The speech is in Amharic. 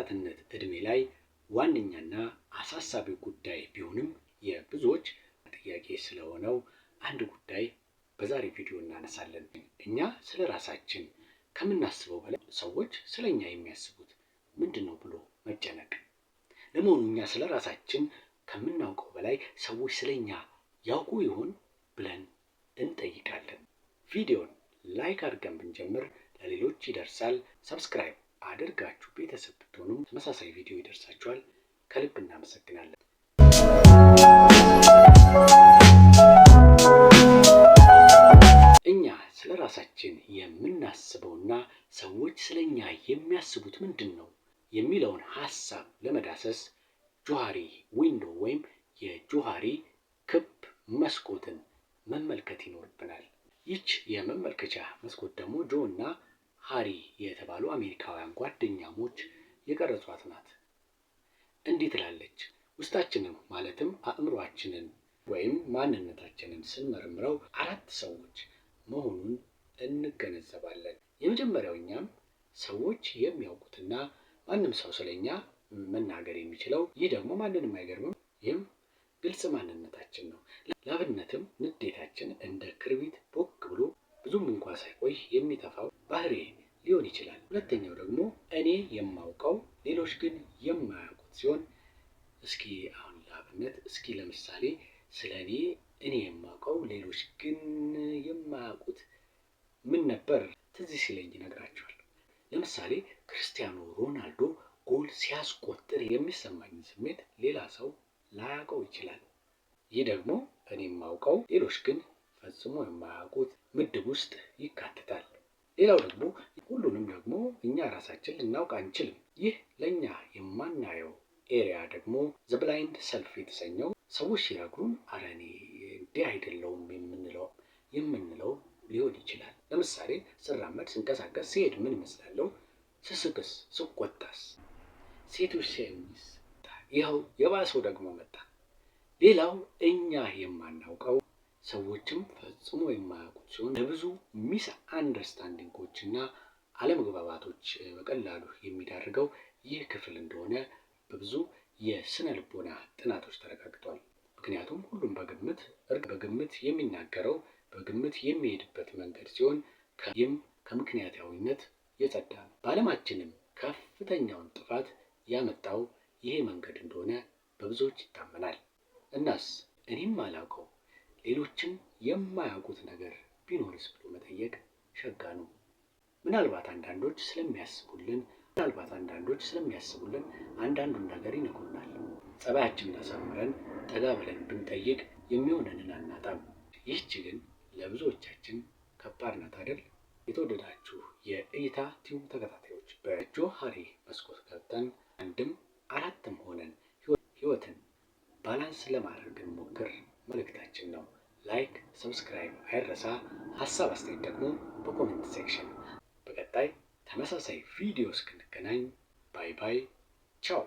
የወጣትነት እድሜ ላይ ዋነኛና አሳሳቢ ጉዳይ ቢሆንም የብዙዎች ጥያቄ ስለሆነው አንድ ጉዳይ በዛሬ ቪዲዮ እናነሳለን። እኛ ስለ ራሳችን ከምናስበው በላይ ሰዎች ስለ እኛ የሚያስቡት ምንድን ነው ብሎ መጨነቅ። ለመሆኑ እኛ ስለ ራሳችን ከምናውቀው በላይ ሰዎች ስለ እኛ ያውቁ ይሆን ብለን እንጠይቃለን። ቪዲዮን ላይክ አድርገን ብንጀምር ለሌሎች ይደርሳል። ሰብስክራይብ አድርጋችሁ ቤተሰብ ብትሆኑ ተመሳሳይ ቪዲዮ ይደርሳችኋል። ከልብ እናመሰግናለን። እኛ ስለ ራሳችን የምናስበውና ሰዎች ስለ እኛ የሚያስቡት ምንድን ነው የሚለውን ሀሳብ ለመዳሰስ ጆሃሪ ዊንዶ ወይም የጆሃሪ ክብ መስኮትን መመልከት ይኖርብናል። ይች የመመልከቻ መስኮት ደግሞ ጆ እና ሃሪ የተባሉ አሜሪካውያን ጓደኛሞች የቀረጿት ናት። እንዲህ ትላለች። ውስጣችንን ማለትም አእምሯችንን ወይም ማንነታችንን ስንመርምረው አራት ሰዎች መሆኑን እንገነዘባለን። የመጀመሪያው እኛም ሰዎች የሚያውቁትና ማንም ሰው ስለኛ መናገር የሚችለው ይህ ደግሞ ማንንም አይገርምም። ይህም ግልጽ ማንነታችን ነው። ላብነትም ንዴታችን እንደ ክርቢት ቦግ ብሎ ብዙም እንኳ ሳይቆይ የሚጠፋው ሌሎች ግን የማያውቁት ሲሆን እስኪ አሁን ለአብነት እስኪ ለምሳሌ ስለ እኔ እኔ የማውቀው ሌሎች ግን የማያውቁት ምን ነበር ትዝ ሲለኝ ይነግራቸዋል ለምሳሌ ክርስቲያኖ ሮናልዶ ጎል ሲያስቆጥር የሚሰማኝ ስሜት ሌላ ሰው ላያውቀው ይችላል። ይህ ደግሞ እኔ የማውቀው ሌሎች ግን ፈጽሞ የማያውቁት ምድብ ውስጥ ይካተታል። ሌላው ደግሞ ሁሉንም ደግሞ እኛ ራሳችን ልናውቅ አንችልም። ይህ ለእኛ የማናየው ኤሪያ ደግሞ ዘብላይንድ ሰልፍ የተሰኘው ሰዎች ሲነግሩን አረ እኔ እንዲህ አይደለውም የምንለው የምንለው ሊሆን ይችላል። ለምሳሌ ስራመድ፣ ስንቀሳቀስ፣ ሲሄድ ምን ይመስላለሁ ስስቅስ፣ ስቆጣስ፣ ሴቶች ሲያዩኝስ? ይኸው የባሰው ደግሞ መጣ። ሌላው እኛ የማናውቀው ሰዎችም ፈጽሞ የማያውቁት ሲሆን ለብዙ ሚስ አንደርስታንዲንጎች እና አለመግባባቶች በቀላሉ የሚዳርገው ይህ ክፍል እንደሆነ በብዙ የስነ ልቦና ጥናቶች ተረጋግጧል። ምክንያቱም ሁሉም በግምት እርግ በግምት የሚናገረው በግምት የሚሄድበት መንገድ ሲሆን ይህም ከምክንያታዊነት የጸዳ ነው። በዓለማችንም ከፍተኛውን ጥፋት ያመጣው ይሄ መንገድ እንደሆነ በብዙዎች ይታመናል። እናስ እኔም አላውቀው ሌሎችም የማያውቁት ነገር ቢኖርስ ብሎ መጠየቅ ሸጋ ነው። ምናልባት አንዳንዶች ስለሚያስቡልን ምናልባት አንዳንዶች ስለሚያስቡልን አንዳንዱን ነገር ይነግሩናል። ጸባያችንን አሳምረን ጠጋ ብለን ብንጠይቅ የሚሆነንን አናጣም። ይህች ግን ለብዙዎቻችን ከባድ ናት አይደል? የተወደዳችሁ የእይታ ቲዩብ ተከታታዮች በጆ ሀሪ መስኮት ገብተን አንድም አራትም ሆነን ህይወትን ባላንስ ለማድረግ እንሞክር። መልእክታችን ነው። ላይክ፣ ሰብስክራይብ አይረሳ። ሀሳብ አስተያየት ደግሞ በኮሜንት ሴክሽን። በቀጣይ ተመሳሳይ ቪዲዮ እስክንገናኝ ባይ ባይ፣ ቻው።